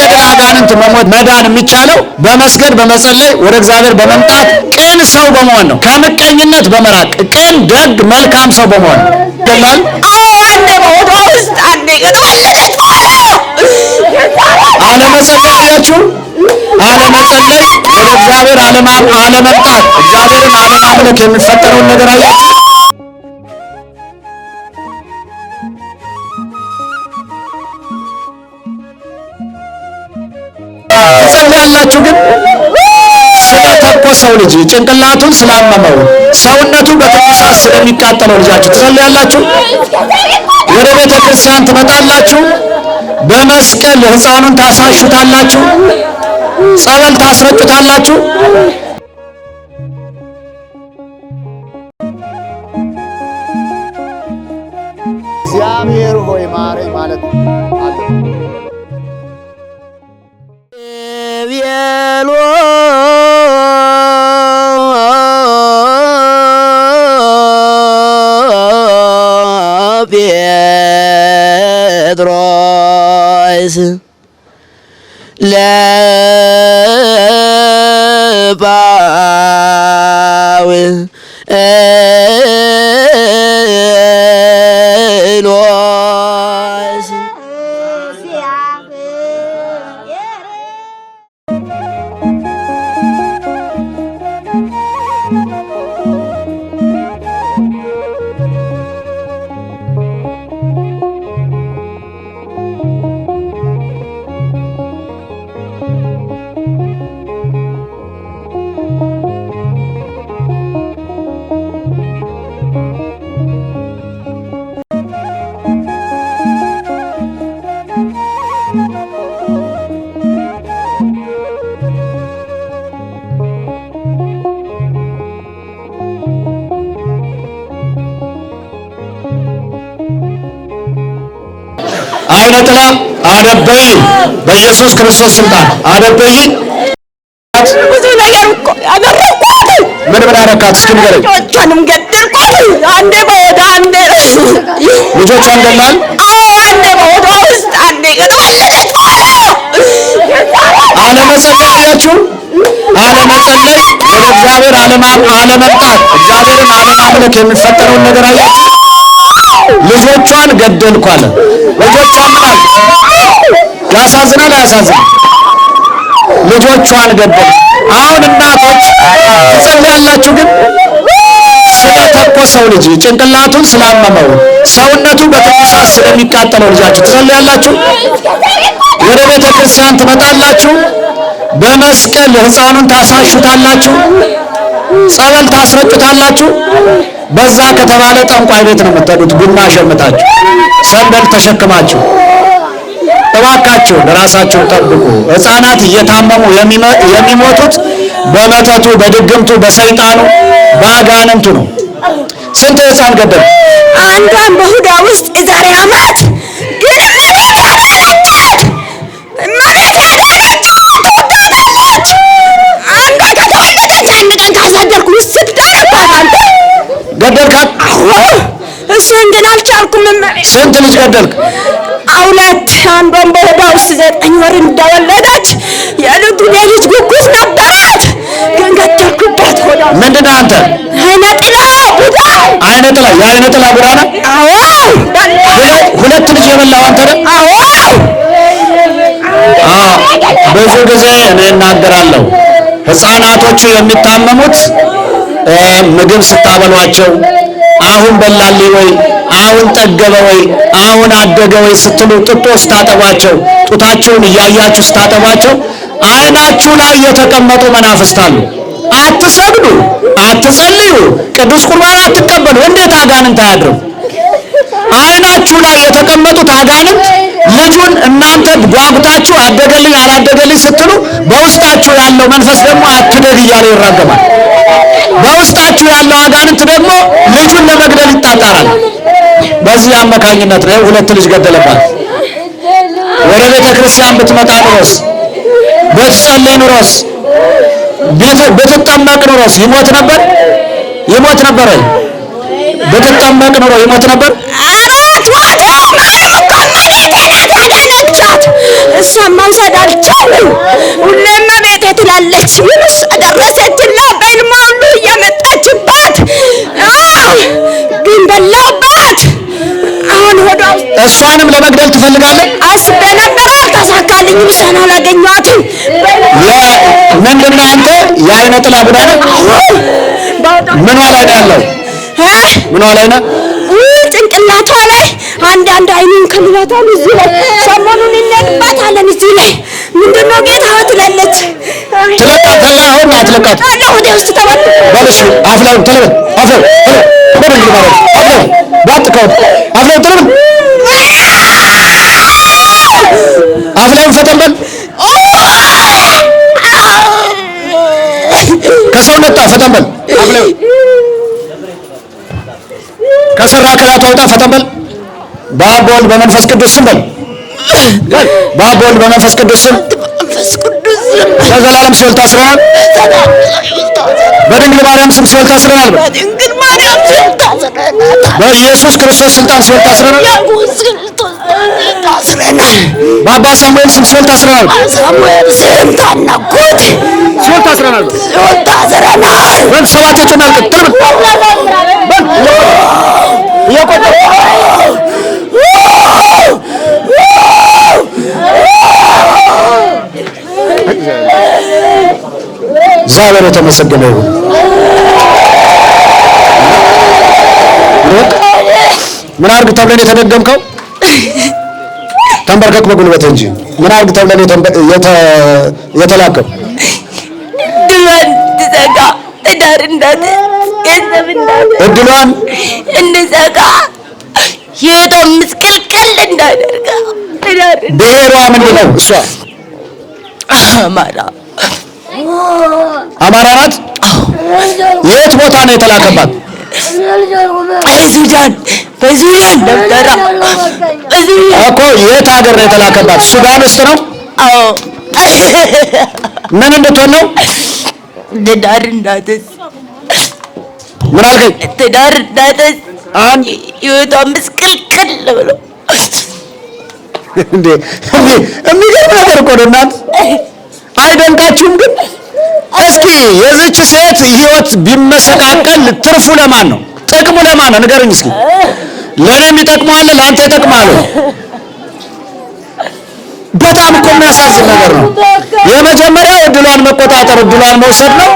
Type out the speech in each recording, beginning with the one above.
ነገር አጋንንት መሞት መዳን የሚቻለው በመስገድ በመጸለይ ወደ እግዚአብሔር በመምጣት ቅን ሰው በመሆን ነው። ከምቀኝነት በመራቅ ቅን፣ ደግ፣ መልካም ሰው በመሆን ይላል። አለመጸለይ አያችሁ፣ አለመጸለይ ወደ እግዚአብሔር አለመምጣት፣ እግዚአብሔርን አለማምለክ የሚፈጠረውን ነገር አያችሁ። ካላችሁ ግን ስለተኮሰው ሰው ልጅ ጭንቅላቱን ስላመመው ሰውነቱ በቅዱሳት ስለሚቃጠለው ልጃችሁ ትጸልያላችሁ፣ ወደ ቤተ ክርስቲያን ትመጣላችሁ፣ በመስቀል ሕፃኑን ታሳሹታላችሁ፣ ጸበል ታስረጩታላችሁ። እግዚአብሔር ሆይ ማረኝ ማለት ነውና አደበይኝ፣ በኢየሱስ ክርስቶስ ስልጣን አደበይኝ። ብዙ ነገር እኮ አደረኳት። ምን ምን አደረካት? እስኪ ንገረኝ። ልጆቿንም ገደልኳት። አንዴ በሆዷ አንዴ ልጆቿን ገላል። አዎ አንዴ በሆዷ ውስጥ አንዴ ከተወለደች አለመጸለይ አያችሁ፣ አለመጸለይ ወደ እግዚአብሔር አለመምጣት፣ እግዚአብሔርን አለማምለክ የሚፈጠረውን ነገር አያችሁ። ልጆቿን ገደልኩ አለ። ልጆቿን ምን አለ? ያሳዝናል። አያሳዝንም? ልጆቿን ገደልኩ። አሁን እናቶች ትጸልያላችሁ፣ ግን ስለተኮሰው ልጅ ጭንቅላቱን ስላመመው ሰውነቱ በትኩሳት ስለሚቃጠለው ልጃችሁ ትጸልያላችሁ። ወደ ቤተ ክርስቲያን ትመጣላችሁ። በመስቀል ሕፃኑን ታሳሹታላችሁ። ጸበል ታስረጩታላችሁ። በዛ ከተባለ ጠንቋይ ቤት ነው የምትሄዱት። ቡና ሸምታችሁ ሰንደል ተሸክማችሁ። እባካችሁ ለራሳችሁ ጠብቁ። ሕፃናት እየታመሙ የሚሞቱት በመተቱ፣ በድግምቱ፣ በሰይጣኑ፣ በአጋንንቱ ነው። ስንት ሕፃን ገደል አንዷን በሁዳ ውስጥ የዛሬ አመት እሱን ግን አልቻልኩም። ስንት ልጅ ገደልክ? ሁለት። አንዷን በሆዷ ውስጥ ዘጠኝ ወር እንደወለደች የልጁን የልጅ ጉጉት ነበራት፣ ግን ገደልኩበት። ሆዷ ምንድን ነው? አንተ አይነ ጥላ ቡዳ፣ አይነ ጥላ፣ የአይነ ጥላ ቡዳ ነህ? አዎ። ሁለት ልጅ የበላው አንተ ነህ? አዎ። ብዙ ጊዜ እኔ እናገራለሁ ህፃናቶቹ የሚታመሙት ምግብ ስታበሏቸው አሁን በላሌ ወይ አሁን ጠገበ ወይ አሁን አደገ ወይ ስትሉ ጡጦ ስታጠቧቸው፣ ጡታቸውን እያያችሁ ስታጠቧቸው አይናችሁ ላይ የተቀመጡ መናፍስት አሉ። አትሰግዱ፣ አትጸልዩ፣ ቅዱስ ቁርባን አትቀበሉ። እንዴት አጋንንት አያድርም? አይናችሁ ላይ የተቀመጡት አጋንንት ልጁን እናንተ ጓጉታችሁ አደገልኝ አላደገልኝ ስትሉ በውስጣችሁ ያለው መንፈስ ደግሞ አትደግ እያለ ይራገማል። በውስጣችሁ ያለው አጋንንት ደግሞ ልጁን በስጋ አማካኝነት ነው ሁለት ልጅ ገደለባት። ወደ ቤተ ክርስቲያን ብትመጣ ኑሮስ፣ ብትጸልይ ኑሮስ፣ ብትጠመቅ ኑሮስ ይሞት ነበር ይሞት ነበር። ብትጠመቅ ኑሮ ይሞት ነበር። አራት ወጥ እሷ መውሰድ አልቻልም። ሁሌ እመቤቴ ትላለች። ምንስ ደረሰችና እሷንም ለመግደል ትፈልጋለህ? አስቤ ነበር አልተሳካልኝም። እሷን አላገኘኋትም። ምንድን ነው አንተ የአይነ ጥላ ቡዳ ነህ? ምኗ ላይ ነው ያለው? ምኗ ላይ ነው? ጭንቅላቷ ላይ አንዳንድ አይኑን ከልሏታል። እዚህ ላይ ሰሞኑን እንሄድባታለን። እዚህ ላይ ምንድነው ነው ጌታ ትላለች። ትለቃታለህ? አሁን ነው አትለቃት። ወደ ውስጥ ተባለ ባለሽ አፍላውን ትልበል አፍላው ትልበል አፍላው ባጥቀው አፍላው ትልበል ላይም ፈጠን በል ከሰው ነጣ ፈጠን በል ከሰራ ከራቱ አውጣ ፈጠን በል በአብ በወልድ በመንፈስ ቅዱስ ስም በል በአብ በወልድ በመንፈስ ቅዱስ ስም በዘላለም ሲኦል ታስረሃል። በድንግል ማርያም ስም ሲኦል ታስረሃል። በኢየሱስ ክርስቶስ ስልጣን ሲኦል ታስረሃል። బాబసన్ విల్సమ్ స్క్వాల్ట 11 స్క్వాల్ట 11 స్క్వాల్ట 11 వెన్సవాచి టనల్ కట్లబ్ యకోట ఉహ జాలెట మెసెగలేను మనార్గు టబ్లెన్ ఇతేదగ్గంకు ተንበርከክ በጉልበት እንጂ ምን አድርግ ተብለን የተላከው ድሏን እንድዘጋ ትዳር እንዳት ገንዘብ እንዳት እድሏን እንድዘጋ የቶ ምስቅልቅል እንዳደርጋ ብሔሯ ምንድን ነው? እሷ አማራ አማራ ናት። የት ቦታ ነው የተላከባት? አይ ሱዳን እኮ የት ሀገር ነው የተላከባት? ሱዳን ውስጥ ነው። ምን እንድትሆን ነው? ትዳር እንዳትስ። ምን አልከኝ? ትዳር እንዳትስ። አንድ ህይወቷ ምስቅልቅል ብሎ የሚገርም ነገር እኮ ነው። እናት አይደንቃችሁም? ግን እስኪ የዚች ሴት ህይወት ቢመሰቃቀል ትርፉ ለማን ነው? ጥቅሙ ለማን ነው? ንገረኝ እስኪ ለእኔም ይጠቅማል፣ ለአንተ ይጠቅማል። በጣም እኮ የሚያሳዝን ነገር ነው። የመጀመሪያ እድሏን መቆጣጠር እድሏን መውሰድ ነው።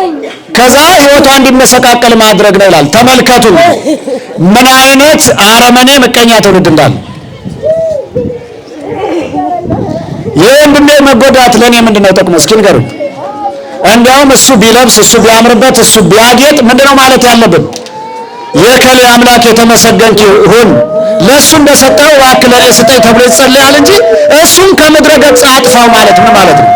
ከዛ ህይወቷ እንዲመሰቃቀል ማድረግ ነው ይላል። ተመልከቱ ምን አይነት አረመኔ ምቀኛ ትውልድ እንዳለ። የወንድሜ መጎዳት ለእኔ ምንድን ነው ጥቅሙ? እስኪ ንገሩኝ። እንዲያውም እሱ ቢለብስ እሱ ቢያምርበት እሱ ቢያጌጥ ምንድን ነው ማለት ያለብን? የከሌ አምላክ የተመሰገንክ ይሁን ለእሱ እንደሰጠው እባክህ ለእኔ ስጠኝ ተብሎ ይጸለያል እንጂ እሱም ከምድረ ገጽ አጥፋው ማለት ምን ማለት ነው?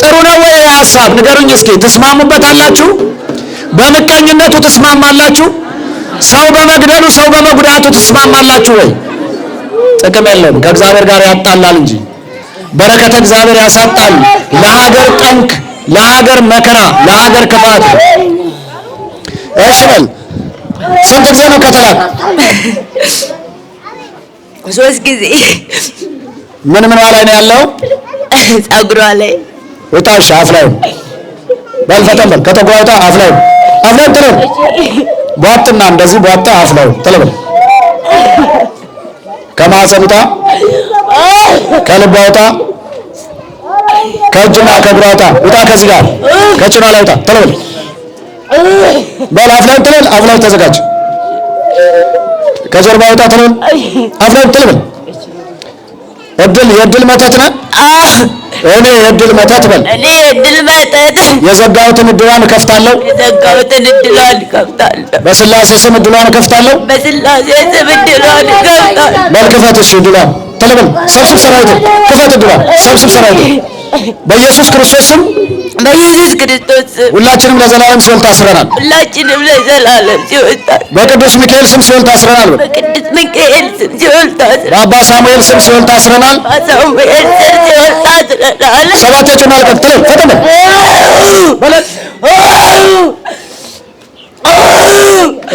ጥሩ ነው ወይ ሀሳብ ንገሩኝ እስኪ። ትስማሙበታላችሁ? በምቀኝነቱ ትስማማላችሁ? ሰው በመግደሉ ሰው በመጉዳቱ ትስማማላችሁ ወይ? ጥቅም የለም። ከእግዚአብሔር ጋር ያጣላል እንጂ በረከተ እግዚአብሔር ያሳጣል። ለሀገር ጠንክ፣ ለሀገር መከራ፣ ለሀገር ክፋት። እሺ በል ስንት ጊዜ ነው ከተባለ? ሶስት ጊዜ። ምን ምን ላይ ነው ያለው? ጸጉሯ ላይ ወጣ። እሺ፣ አፍ ላይ በል ፈጠን በል። ከተጓውታ አፍ ላይ አፍ ላይ ጥለው ቧጥና እንደዚህ ቧጣ አፍ ላይ ጥለው ከማህፀን ውጣ፣ ከልቧ ውጣ፣ ከእጅና ከእግሯ ውጣ። ውጣ ከዚህ ጋር ከጭኗ ላይ ውጣ። ጥለው በል አፍላን ጥለል አፍላን ተዘጋጅ። ከጀርባ ወጣ ትለል አፍላን ጥልብል እድል የእድል መተት ነህ እኔ የእድል መተት በል እኔ የእድል መተት የዘጋሁትን እድሏን እከፍታለሁ የዘጋሁትን እድሏን እከፍታለሁ በስላሴ ስም እድሏን እከፍታለሁ በስላሴ ስም እድሏን እከፍታለሁ በል ክፈት እሺ እድሏን ትልብል ሰብስብ ሰራዊት ክፈት እድሏን ሰብስብ ሰራዊት በኢየሱስ ክርስቶስ ስም በኢየሱስ ክርስቶስ ሁላችንም ለዘላለም ሲኦል ታስረናል። ሁላችንም ለዘላለም ሲኦል ታስረናል። በቅዱስ ሚካኤል ስም ሲኦል ታስረናል። በቅዱስ ሚካኤል ስም ሲኦል ታስረናል። በአባ ሳሙኤል ስም ሲኦል ታስረናል። ሳሙኤል ስም ሲኦል ታስረናል። ሰባቶችን ሰባት የጭናል ቀጥሎ ፈጠነ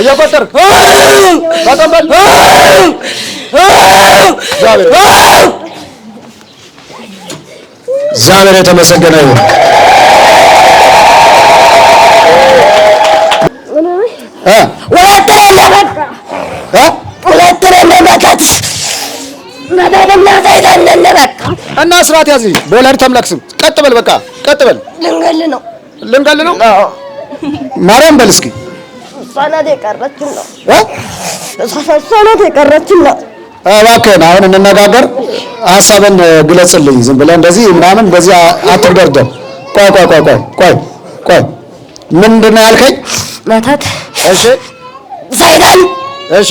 እየቆጠር በጣም እግዚአብሔር የተመሰገነ ይሁን። እና ስርዓት ያዝ። ቦላድ ተምላክስም ቀጥ በል በቃ ቀጥ በል። ልንገል ነው ልንገል ነው። ማርያም በል እስኪ እሷ ናት የቀረችን ነው። እሷ ናት የቀረችን ነው እባክህን አሁን እንነጋገር፣ ሀሳብን ግለጽልኝ። ዝም ብለህ እንደዚህ ምናምን በዚህ አትደርደር። ቆይ ቆይ ቆይ ቆይ ቆይ ቆይ ምንድን ነው ያልከኝ? መተት። እሺ፣ ዘይዳን። እሺ፣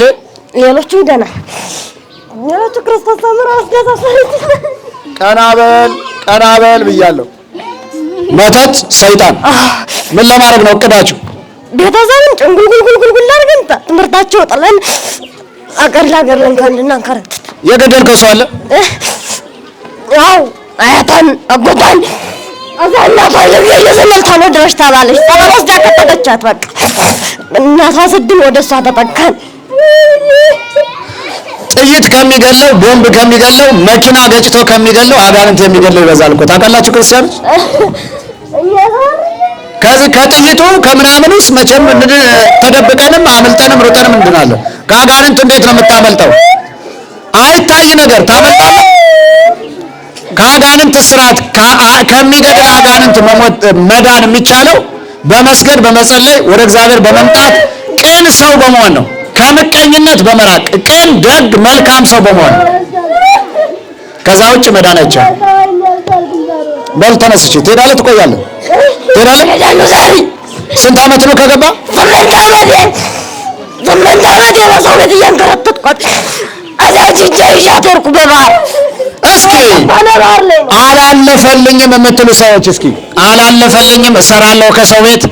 ሌሎቹ ይደናል። ሌሎቹ ክርስቶስ ተምሮ አስገዛ ቀና በል ቀና በል ብያለሁ። መተት፣ ሰይጣን። ምን ለማድረግ ነው እቅዳችሁ? ቤተሰብን ጭንጉልጉልጉልጉል አድርገን ትምህርታቸው ጥለን አቀላ ገርለን ካንድና አንከረ የገደልከው ሰው አለ? አዎ አያታን አጎታን እናቷ የዘመድ ታልወደረች ታላለች። ጠበል ወስዳ ከተተቻት በቃ እናቷ ስድን ወደ እሷ ተጠጋን። ጥይት ከሚገለው ቦምብ ከሚገለው መኪና ገጭቶ ከሚገለው አጋንንት የሚገለው ይበዛል እኮ ታውቃላችሁ ክርስቲያኖች። ከዚህ ከጥይቱ ከምናምን ውስጥ መቼም ተደብቀንም አምልጠንም ሩጠንም እንድናለን። ከአጋንንት እንዴት ነው የምታመልጠው? አይታይ ነገር ታመልጣለህ። ከአጋንንት ስርዓት ከሚገድል አጋንንት መዳን የሚቻለው በመስገድ በመጸለይ ወደ እግዚአብሔር በመምጣት ቅን ሰው በመሆን ነው። ከምቀኝነት በመራቅ ቅን፣ ደግ፣ መልካም ሰው በመሆን ከዛ ውጭ መዳን አይቻልም። በል ተነስቼ ትሄዳለህ። ትቆያለህ። ትሄዳለህ። ስንት ዓመት ነው ከገባ? ሁለት ዓመት ስምንት ዓመት የረሰው ልጅ እያንከረፈትኳት አሳጅቼ እያደርኩ በባህር እስኪ አላለፈልኝም የምትሉ ሰዎች እስኪ አላለፈልኝም፣ እሰራለሁ ከሰው ቤት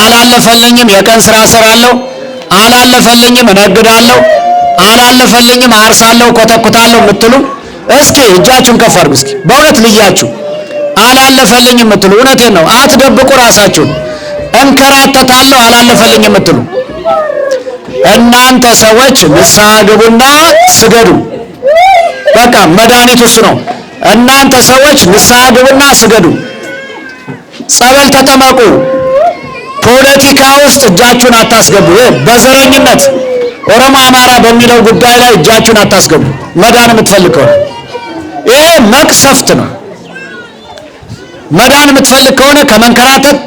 አላለፈልኝም፣ የቀን ስራ እሰራለሁ አላለፈልኝም፣ እነግዳለሁ አላለፈልኝም፣ አርሳለሁ፣ ኮተኩታለሁ የምትሉ እስኪ እጃችሁን ከፍ አድርጉ። እስኪ በእውነት ልያችሁ አላለፈልኝም የምትሉ እውነቴን ነው፣ አትደብቁ ራሳችሁን። እንከራተታለሁ አላለፈልኝም የምትሉ እናንተ ሰዎች ንስሐ ግቡና ስገዱ። በቃ መድኃኒት እሱ ነው። እናንተ ሰዎች ንስሐ ግቡና ስገዱ። ጸበል ተጠመቁ። ፖለቲካ ውስጥ እጃችሁን አታስገቡ። በዘረኝነት ኦሮሞ አማራ በሚለው ጉዳይ ላይ እጃችሁን አታስገቡ። መዳን የምትፈልገው ይሄ መቅሰፍት ነው። መዳን የምትፈልግ ከሆነ ከመንከራተት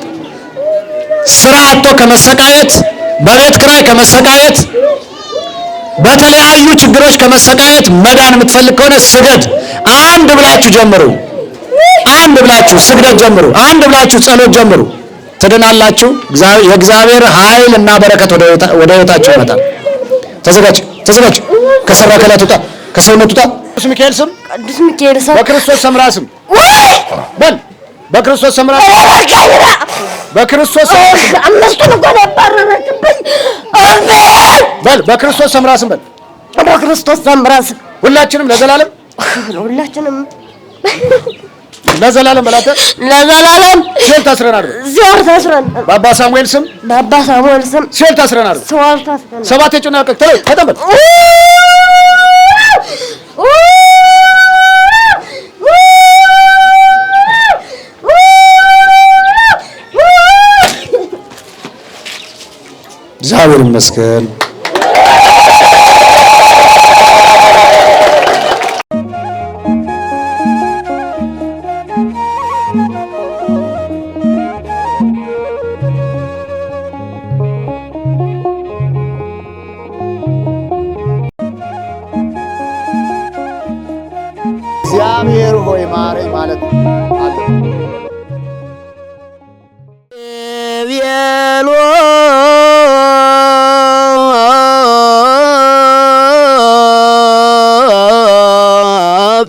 ስራ አጥቶ ከመሰቃየት በቤት ክራይ ከመሰቃየት በተለያዩ ችግሮች ከመሰቃየት መዳን የምትፈልግ ከሆነ ስገድ። አንድ ብላችሁ ጀምሩ። አንድ ብላችሁ ስግደት ጀምሩ። አንድ ብላችሁ ጸሎት ጀምሩ። ትድናላችሁ። የእግዚአብሔር ኃይል እና በረከት ወደ ህይወታችሁ ይመጣል። ተዘጋጅ፣ ተዘጋጅ። ከሰራ ከላት ውጣ፣ ከሰውነት ውጣ። ቅዱስ ሚካኤል ስም፣ ቅዱስ ሚካኤል ስም፣ በክርስቶስ ሰምራ ስም በል በክርስቶስ ሰምራ በክርስቶስ አምስቱን እኮ ነው ያባረረችብኝ። በል በክርስቶስ ስም ስም በል በክርስቶስ ስም ስም ሁላችንም ለዘላለም ሁላችንም ለዘላለም በላተ ለዘላለም ሲኦል ታስረን አድርገን ሲኦል ታስረን በአባ ሳሙኤል ስም በአባ ሳሙኤል ስም ሲኦል ታስረን አድርገን ሰባት የጮና ቀቅ ተጠበል زاوير المسكين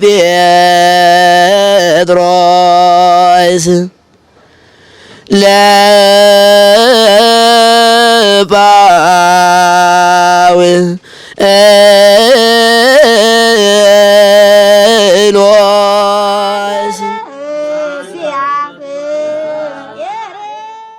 ጴጥሮስ